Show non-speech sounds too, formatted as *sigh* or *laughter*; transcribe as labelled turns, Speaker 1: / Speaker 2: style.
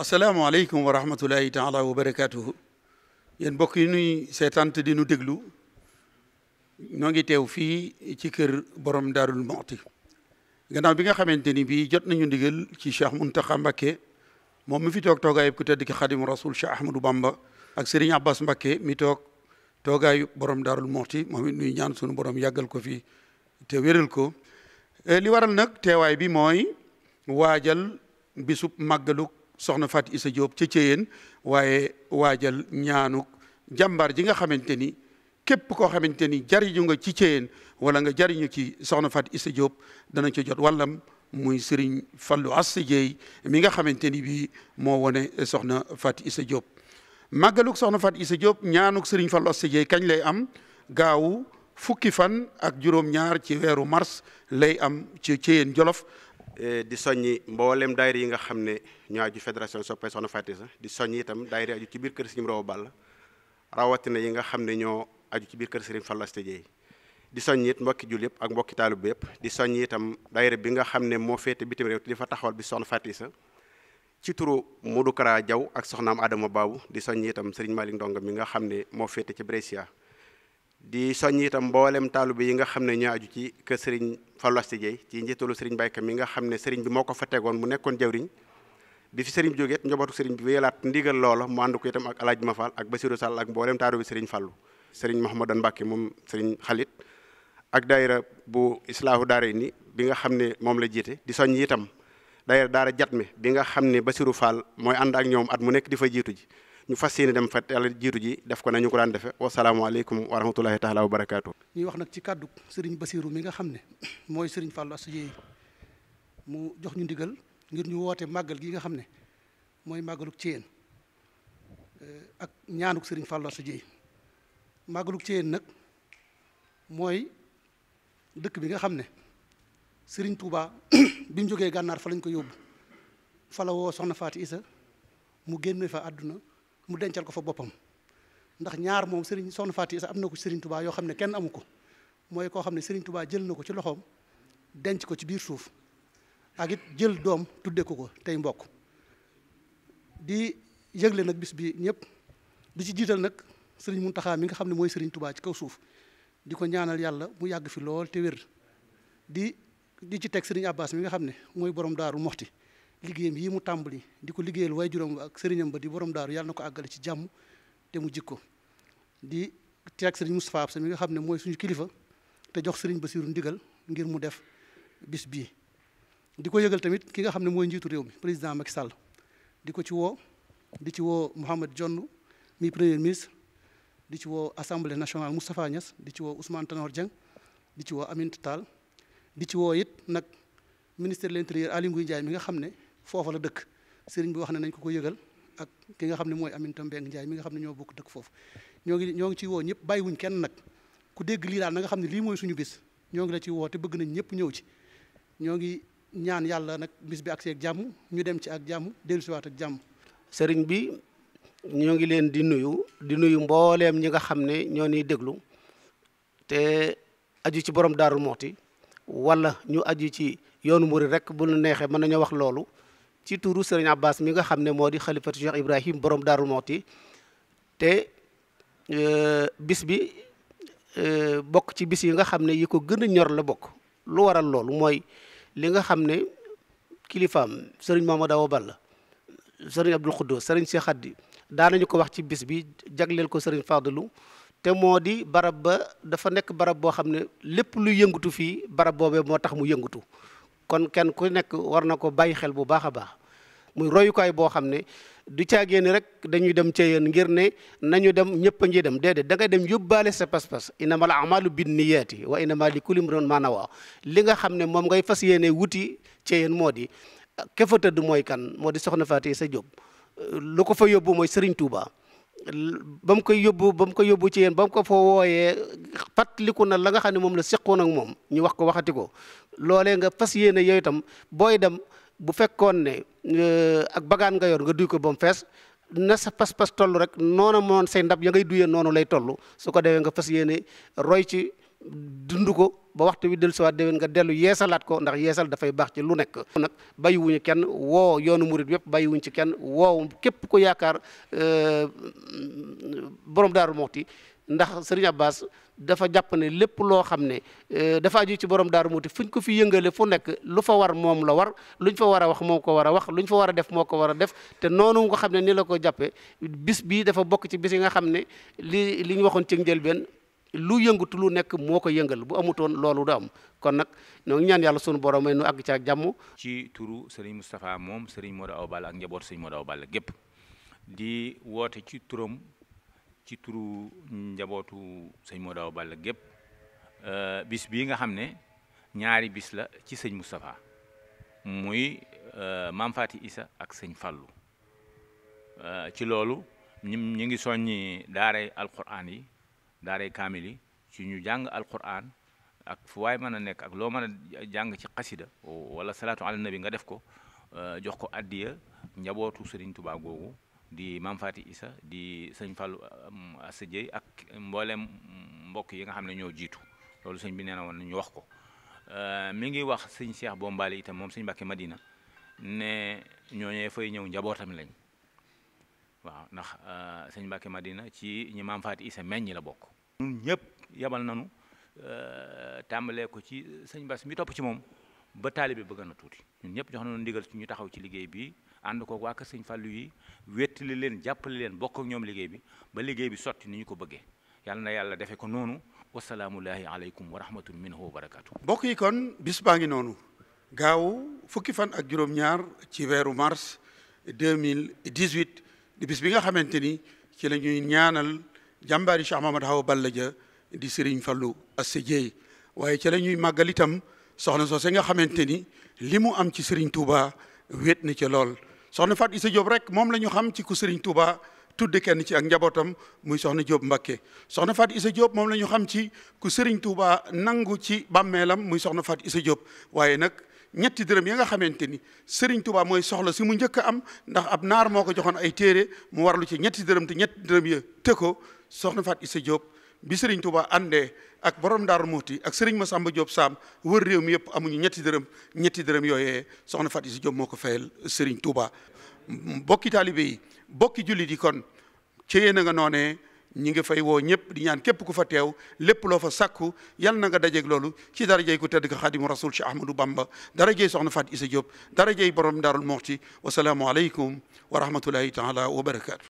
Speaker 1: asalaamaaleykum wa rahmatullahi taala wa barakaatuhu yéen mbokk yi nuy seetaan te di nu déglu ñoo ngi teew fii ci kër borom daarul moxti gannaaw bi nga xamante ni bii jot nañu ndigal ci Cheikh Muntaxa Mbakke moom mi fi toog toogaayub ku tedd ki xadimu rasul Cheikh Ahmadou Bamba ak Serigne Abbas Mbakke mi toog toogaayu borom daarul moxti moom it nuy ñaan sunu borom yàggal ko fii te wéral ko eh, li waral nag teewaay bi mooy waajal bisub màggaluk soxna Fat Issa Diop ci Thiéyeen waaye waajal ñaanuk jàmbaar ji nga xamante ni képp koo xamante ni jariñu nga ci Thiéyeen wala nga jariñu ki soxna Fat Issa jóob dana ci jot wallam muy Serigne Fallou Assy Dieye mi nga xamante ni bii moo wone soxna Fat Issa Diop màggaluk soxna Fat Issa Diop ñaanuk Serigne Fallou Assy Dieye kañ lay am gaawu fukki fan ak juróom-ñaar ci weeru mars lay am ci Thiéyeen Jolof Eh, di soññi mboolem daayira yi nga xam ne ñoo aju fédération
Speaker 2: soppay soxna Faty Issa di soññ itam daayira aju ci biir kër Serigne Rawa Balla rawatina yi nga xam ne ñoo aju ci biir kër Serigne Fallou Asta di soññi yit mbokki jul yëpp ak mbokki taalib yëpp di soññ itam daayira bi nga xam ne moo féete bitim réew te di fa taxawal bi soxna Faty sa ci turu Modou Kara Diaw ak soxnaam Adama Babou di soññi itam Serigne Malick Ndonga mi nga xam ne moo féete ci Brescia di soññ itam mboolem bi yi nga xam ne ñoo aju ci kër Serigne Fallou Astou Dieye ci njiitalu sëriñ Bayka mi nga xam ne Serigne bi moo ko fa tegoon mu nekkoon jawriñ bi fi Serigne bi jógee njabootu Serigne bi wéyalaat ndigal loola mu ànd ko itam ak Alaaji Mafal ak Basirou Sall ak mboolem taalibe Serigne Fallou Serigne Mouhamadou Mbacke moom Serigne xalit ak daayira bu Islaahu Daarayni bi nga xam ne moom la jiite di soññ itam daayira daara Jatme bi nga xam ne Basirou mooy ànd ak ñoom at mu nekk di fa jiitu ji ñu fas yéene dem fa yàlla jiitu ji def ko nañu ko daan defe wasalaamaaleykum wa rahmatulahi la wa barakaatu.
Speaker 3: ñuy wax nag ci kàdduk sëriñ Basiru mi nga xam ne *coughs* mooy sëriñ Fallou Assou Dieye mu jox ñu ndigal ngir ñu woote màggal gi nga xam ne mooy màggaluk Ceyeen eh, ak ñaanuk sëriñ Fallou Assou Dieye màggaluk Ceyeen nag mooy dëkk bi nga xam ne sëriñ Touba *coughs* bi mu jógee gànnaar fa lañ ko yóbbu fa la woo soxna Faati Isa mu génn fa àdduna mu dencal ko fa boppam ndax ñaar moom Serigne Soxna Fatou Issa am na ko Serigne Touba yoo xam ne kenn amu ko mooy koo xam ne Serigne tubaa jël na ko ci loxoom denc ko ci biir suuf ak it jël doom tudde ko ko tey mbokk di yëgle nag bis bi ñëpp di ci jiital nag Serigne Mountakha mi nga xam ne mooy Serigne Touba ci kaw suuf di ko ñaanal yàlla mu yàgg fi lool te wér di di ci teg Serigne Abbas mi nga xam ne mooy borom daaru moxti liggéeyam yi mu tàmbali di ko liggéeyal waajuram ak sëriñam ba di borom daaru yàlla na ko àggale ci jàmm te mu ko di teg sëriñ Moustapha Absa mi nga xam ne mooy suñu kilifa te jox sëriñ ba Basiru ndigal ngir mu def bis bii di ko yëgal tamit ki nga xam ne mooy njiitu réew mi président Macky Sall di ko ci woo di ci woo Mouhamed jonn mi premier ministre di ci woo assemblée nationale Moustapha Niass di ci woo Ousmane Tanor Dieng di ci woo Aminata di ci woo it nag ministre de l'intérieur Aly nga xam ne foofa la dëkk sëriñ bi wax ne nañ ko ko yëgal ak ki nga xam ne mooy Aminata Mbengue Ndiaye mi nga xam ne ñoo bokk dëkk foofu ñoo ngi ñoo ngi ciy woo ñëpp bàyyiwuñ kenn nag ku dégg lii daal na nga xam ne lii mooy suñu bis ñoo ngi la ciy woo bëgg nañ ñëpp ñëw ci
Speaker 4: ñoo ngi ñaan yàlla nag bis bi agsi ak jàmm ñu dem ci ak jàmm dellusiwaat ak jàmm sëriñ bi ñoo ngi leen di nuyu di nuyu mbooleem ñi nga xam ne ñoo niy déglu te aju ci borom daaru moxti wala ñu aju ci yoonu murid rek bu nu neexee mën nañoo wax loolu ci turu sëriñ Abbas mi nga xam ne moo di xalifatu Cheikh Ibrahim borom Darou Mouhty te euh, bis bi euh, bokk ci bis yi nga xam ne yi ko gën a ñor la bokk lu waral loolu mooy li nga xam ne kilifaam sëriñ Mamadou Awa Balla sëriñ Abdul Xuddo sëriñ Cheikh Addi daanañu ko wax ci bis bi jagleel ko sëriñ Fadlu te moo di barab ba dafa nekk barab boo xam ne lépp lu yëngatu fii barab boobee moo tax mu yëngatu kon kenn ku nekk war na ko bàyyi xel bu baax a baax muy royukaay boo xam ne du caagéen rek dañuy dem ca yéen ngir ne nañu dem ñëpp a ngi dem déedéet da ngay dem yóbbaale sa pas-pas innamal amalu binniyaati wa innama li kulli imrin maana nawa li nga xam ne moom ngay fas yéene wuti ca yéen moo di kefatëdd mooy kan moo di soxna Faati sa Jóob lu ko fa yóbbu mooy Sëriñ Tuubaa ba mu koy yóbbu ba mu koy yóbbu ci yéen ba mu ko foo wooyee fàttaliku na la nga xam ne moom la seqoon nag moom ñu wax ko waxati ko loolee nga fas yéene yooyu itam booy dem bu fekkoon ne euh, ak bagaan nga yor nga duy ko ba mu fees na sa pas-pas toll rek noona moon say ndab ya ngay duyee noonu lay toll su ko defee nga fas yéene roy ci dund ko ba waxtu wi dellu siwaat déwén nga dellu yeesalaat ko ndax yeesal dafay baax ci lu nekk nag bàyyiwuñu kenn woo yoonu murit bay wuñ ci kenn woo képp ko yaakaar euh, borom daaru moxti ndax Serigne Abbas dafa jàpp ne lépp loo xam ne euh, dafa aju ci borom daaru muuti fuñ ko fi yëngale fu nekk lu fa war moom la war luñ fa war a wax moo ko war a wax luñ fa war a def moo ko war a def te noonu nga xam ne nii la ko jàppee bis bii dafa bokk ci bis yi nga xam ne li li ñu waxoon ci njëlbeen lu yëngatu lu nekk moo ko yëngal bu amutoon loolu du am kon nag ñoo ngi ñaan yàlla sunu borom may nu àgg ci ak jàmm.
Speaker 5: ci turu Serigne Moustapha moom sëriñ Modou Awa Balla ak njaboot Serigne Modou Awa Balla gépp di woote ci turam ci turu njabootu sëñ Modou Awa Balla gépp euh, bis bii nga xam ne ñaari bis la ci sëñ Moustapha muy euh, maam Isa ak sëñ Fallou euh, ci loolu ñu ngi soññi daaray alquran yi. daaray kaamil yi ci ñu jàng alquran ak fu waay mën a nekk ak loo mën a jàng ci xasida wala salaatu ala nabi nga def ko euh, jox ko addiya njabootu sëriñ Tuubaa googu di Maam Faati Isa di sëñ Fallu euh, Asa Jéy ak mboolem mbokk yi nga xam ne ñoo jiitu loolu sëñ bi nee na woon nañu wax ko euh, mi ngi wax sëñ Cheikh Bombali itam moom sëñ Mbàkke Madina ne ñooñee fay ñëw njabootam lañ waaw ndax euh, sëñ Mbacke Madina ci ñi maam Faati Isa meññ la bokk. ñun ñëpp yabal nañu euh, tàmbalee ko ci euh, sëñ Bass mi topp ci moom ba taalibe bëgg na tuuti ñun ñëpp jox nañu ndigal ci ñu taxaw ci liggéey bi ànd koog waa kër sëñ Fallou yi wéttali leen jàppale leen bokk ak ñoom liggéey bi ba liggéey bi sotti ni ñu ko bëggee yàlla na yàlla defee ko noonu. wasalaamullahi aleykum wa rahmatun minhu wa barakaatu.
Speaker 1: mbokk yi kon bis baa ngi noonu. gaaw fukki fan ak juróom ci weeru mars deux mille dix di bis bi nga xamante ni ci la ñuy ñaanal jàmbaari Cheikh Mamadou Hawa Balla ja di Serigne Fallou Assé Dieye waaye ci la ñuy màggal itam soxna soose nga xamante ni li mu am ci Serigne Touba wéet na ca lool soxna fat Issa job rek moom la ñu xam ci ku Serigne Touba tudd kenn ci ak njabootam muy soxna Diop Mbakke soxna Fatou Issa Diop moom la ñu xam ci ku Serigne Touba nangu ci bàmmeelam muy soxna Fatou Issa Diop waaye nag. ñetti dërëm yi nga xamante ni Serigne Touba mooy soxla si mu njëkk a am ndax ab naar moo ko joxoon ay téere mu warlu ci ñetti dërëm te ñetti dërëm ya te ko soxna Faat Issa Diop bi Serigne Touba àndee ak borom Daaru Muuti ak ma samba job Sam wër réew mi yëpp amuñu ñetti dërëm ñetti dërëm yooyee soxna Faat Issa Diop moo ko fayal Serigne Touba. mbokki taalibe yi mbokki jullit yi kon ci yéen a ñi ngi fay woo ñëpp di ñaan képp ku fa teew lépp loo fa sakku yal na nga loolu ci darajey ku tedd ka xaadimu rasul Cheikh Ahmadou Bamba darajey soxna Faat Isa Diop darajey borom daarul moxti wasalaamu aleykum wa rahmatullahi taala wa barakaatu